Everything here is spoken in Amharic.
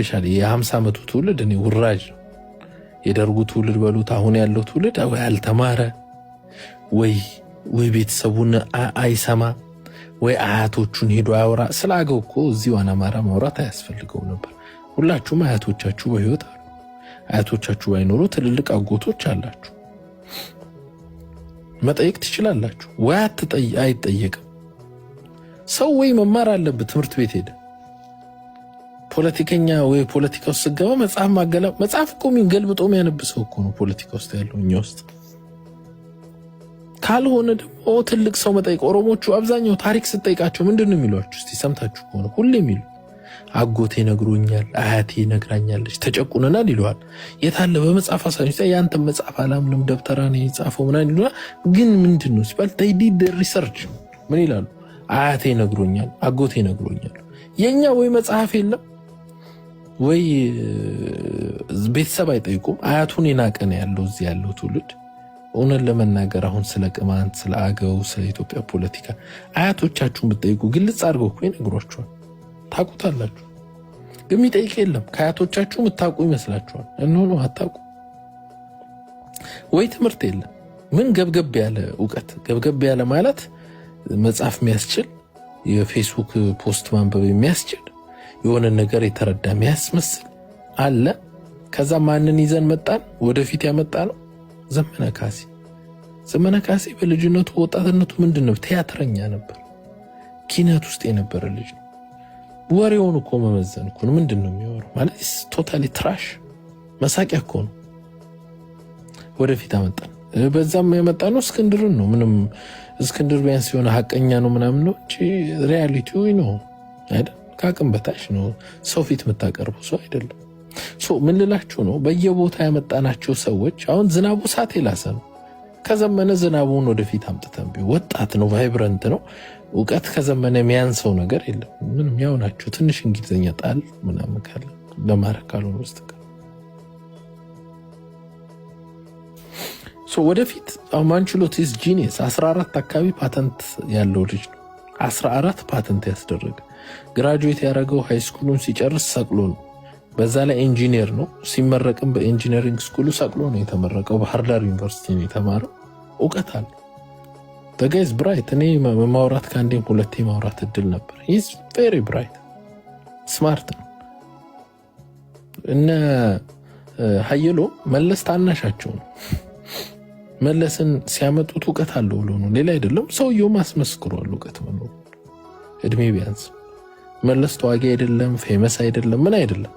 ስፔሻሊ የ50 ዓመቱ ትውልድ እኔ ውራጅ ነው። የደርጉ ትውልድ በሉት አሁን ያለው ትውልድ ወይ አልተማረ ወይ ወይ ቤተሰቡን አይሰማ ወይ አያቶቹን ሄዶ አያወራ። ስለ አገው እኮ እዚህ ዋና አማራ ማውራት አያስፈልገው ነበር። ሁላችሁም አያቶቻችሁ በህይወት አሉ። አያቶቻችሁ ባይኖሩ ትልልቅ አጎቶች አላችሁ፣ መጠየቅ ትችላላችሁ። ወይ አይጠየቅም ሰው ወይ መማር አለበት ትምህርት ቤት ሄደ ፖለቲከኛ ወይ ፖለቲካ ውስጥ ስገባ መጽሐፍ ማገላ መጽሐፍ እኮ ገልብጦ የሚያነብሰው እኮ ነው ፖለቲካ ውስጥ ያለው እኛ ውስጥ ካልሆነ ደግሞ ትልቅ ሰው መጠይቅ ኦሮሞቹ አብዛኛው ታሪክ ስጠይቃቸው ምንድን ነው የሚሏችሁ? እስኪ ሰምታችሁ ከሆነ ሁሌ የሚሉ አጎቴ ነግሮኛል፣ አያቴ ነግራኛለች፣ ተጨቁነናል ይለዋል። የታለ በመጽሐፍ አሳኝ የአንተ መጽሐፍ አላምንም ደብተራ ነው የጻፈው ምናምን ይሉና ግን ምንድን ነው ሲባል ዲድ ሪሰርች ምን ይላሉ? አያቴ ነግሮኛል፣ አጎቴ ነግሮኛል። የእኛ ወይ መጽሐፍ የለም ወይ ቤተሰብ አይጠይቁም። አያቱን የናቀን ያለው እዚህ ያለው ትውልድ እውነት ለመናገር አሁን ስለ ቅማንት፣ ስለ አገው፣ ስለ ኢትዮጵያ ፖለቲካ አያቶቻችሁን ብትጠይቁ ግልጽ አድርገው እኮ ይነግሯችኋል። ታውቁታላችሁ። የሚጠይቅ የለም። ከአያቶቻችሁ የምታውቁ ይመስላችኋል። እንሆኑ አታውቁ። ወይ ትምህርት የለም። ምን ገብገብ ያለ እውቀት ገብገብ ያለ ማለት መጽሐፍ የሚያስችል የፌስቡክ ፖስት ማንበብ የሚያስችል የሆነ ነገር የተረዳ የሚያስመስል አለ። ከዛ ማንን ይዘን መጣን? ወደፊት ያመጣ ነው ዘመነ ካሴ። ዘመነ ካሴ በልጅነቱ ወጣትነቱ ምንድን ነው? ቲያትረኛ ነበር። ኪነት ውስጥ የነበረ ልጅ ነው። ወሬውን እኮ መመዘን እኮ ነው። ምንድን ነው የሚወራው ማለት ቶታሊ ትራሽ መሳቂያ እኮ ነው። ወደፊት አመጣን። በዛም የመጣ ነው እስክንድርን ነው። ምንም እስክንድር ቢያንስ የሆነ ሀቀኛ ነው ምናምን ነው። ሪያሊቲ ነው አይደል ከአቅም በታች ነው። ሰው ፊት የምታቀርቡ ሰው አይደለም። ምን ልላችሁ ነው? በየቦታ ያመጣናቸው ሰዎች አሁን ዝናቡ እሳት የላሰ ነው። ከዘመነ ዝናቡን ወደፊት አምጥተን ቢ ወጣት ነው፣ ቫይብረንት ነው። እውቀት ከዘመነ የሚያንሰው ነገር የለም። ምንም ያው ናቸው። ትንሽ እንግሊዝኛ ጣል ምናምን ካለ ለማድረግ ካልሆነ በስተቀር ወደፊት ማንችሎት ማንችሎት ጂኒየስ 14 አካባቢ ፓተንት ያለው ልጅ ነው። 14 ፓተንት ያስደረገ ግራጁዌት ያደረገው ሃይስኩሉን ሲጨርስ ሰቅሎ ነው። በዛ ላይ ኢንጂነር ነው። ሲመረቅም በኢንጂነሪንግ ስኩሉ ሰቅሎ ነው የተመረቀው። ባህር ዳር ዩኒቨርሲቲ ነው የተማረው። እውቀት አለ። በጋይዝ ብራይት። እኔ ማውራት ከአንዴም ሁለቴ ማውራት እድል ነበር። ኢዝ ቬሪ ብራይት ስማርት ነው። እነ ሀየሎ መለስ ታናሻቸው ነው። መለስን ሲያመጡት እውቀት አለው ብሎ ነው፣ ሌላ አይደለም። ሰውየውም አስመስክሯል እውቀት መኖሩ እድሜ ቢያንስ መለስ ተዋጊ አይደለም፣ ፌመስ አይደለም፣ ምን አይደለም።